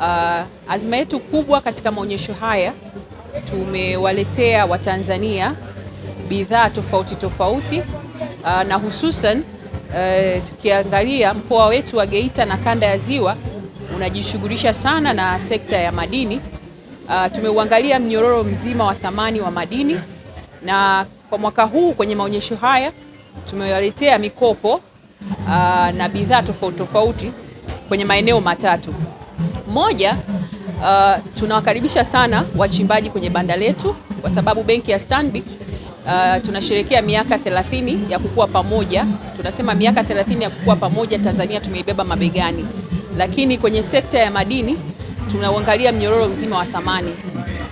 Uh, azma yetu kubwa katika maonyesho haya tumewaletea Watanzania bidhaa tofauti tofauti, uh, na hususan uh, tukiangalia mkoa wetu wa Geita na kanda ya Ziwa unajishughulisha sana na sekta ya madini. Uh, tumeuangalia mnyororo mzima wa thamani wa madini, na kwa mwaka huu kwenye maonyesho haya tumewaletea mikopo uh, na bidhaa tofauti tofauti kwenye maeneo matatu. Moja, uh, tunawakaribisha sana wachimbaji kwenye banda letu kwa sababu benki ya Stanbic uh, tunasherehekea miaka 30 ya kukua pamoja. Tunasema miaka 30 ya kukua pamoja, Tanzania tumeibeba mabegani, lakini kwenye sekta ya madini tunauangalia mnyororo mzima wa thamani.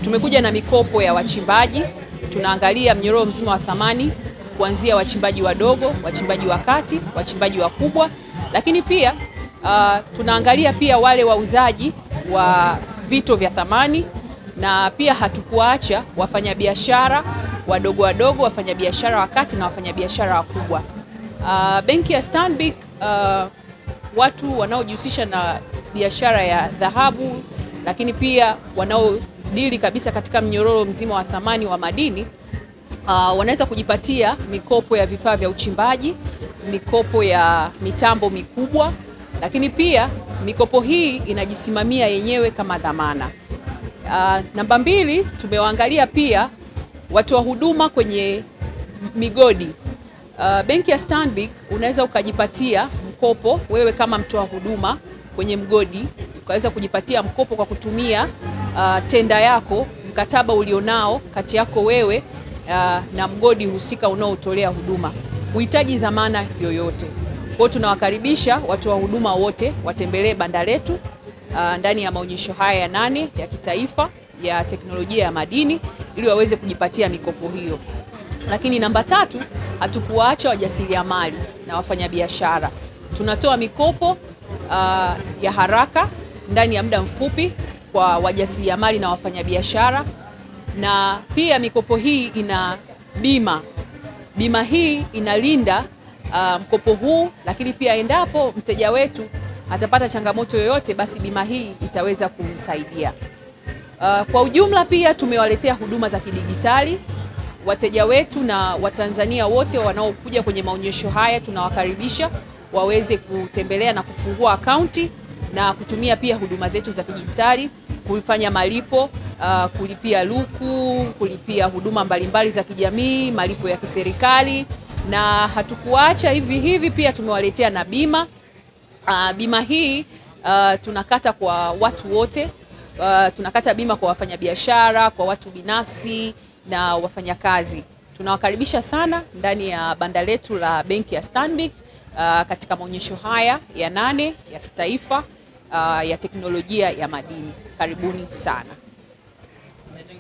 Tumekuja na mikopo ya wachimbaji, tunaangalia mnyororo mzima wa thamani kuanzia wachimbaji wadogo, wachimbaji wa kati, wachimbaji wakubwa, lakini pia Uh, tunaangalia pia wale wauzaji wa vito vya thamani na pia hatukuacha wafanyabiashara wadogo wadogo, wafanyabiashara wa kati na wafanyabiashara wakubwa. Uh, benki ya Stanbic uh, watu wanaojihusisha na biashara ya dhahabu, lakini pia wanaodili kabisa katika mnyororo mzima wa thamani wa madini uh, wanaweza kujipatia mikopo ya vifaa vya uchimbaji, mikopo ya mitambo mikubwa lakini pia mikopo hii inajisimamia yenyewe kama dhamana. Uh, namba mbili, tumewaangalia pia watoa huduma kwenye migodi. Uh, benki ya Stanbic unaweza ukajipatia mkopo wewe kama mtoa huduma kwenye mgodi, ukaweza kujipatia mkopo kwa kutumia uh, tenda yako, mkataba ulionao kati yako wewe uh, na mgodi husika unaotolea huduma. Huhitaji dhamana yoyote. Kwa tunawakaribisha watu wa huduma wote watembelee banda letu uh, ndani ya maonyesho haya ya nane ya kitaifa ya teknolojia ya madini ili waweze kujipatia mikopo hiyo. Lakini namba tatu, hatukuwaacha wajasiriamali na wafanyabiashara. Tunatoa mikopo uh, ya haraka ndani ya muda mfupi kwa wajasiriamali na wafanyabiashara, na pia mikopo hii ina bima. Bima hii inalinda uh, mkopo huu, lakini pia endapo mteja wetu atapata changamoto yoyote, basi bima hii itaweza kumsaidia. Uh, kwa ujumla pia tumewaletea huduma za kidigitali wateja wetu na Watanzania wote wanaokuja kwenye maonyesho haya tunawakaribisha waweze kutembelea na kufungua akaunti na kutumia pia huduma zetu za kidijitali kufanya malipo, uh, kulipia luku, kulipia huduma mbalimbali za kijamii, malipo ya kiserikali na hatukuacha hivi hivi, pia tumewaletea na bima uh, bima hii uh, tunakata kwa watu wote uh, tunakata bima kwa wafanyabiashara, kwa watu binafsi na wafanyakazi. Tunawakaribisha sana ndani ya banda letu la benki ya Stanbic uh, katika maonyesho haya ya nane ya kitaifa uh, ya teknolojia ya madini. Karibuni sana.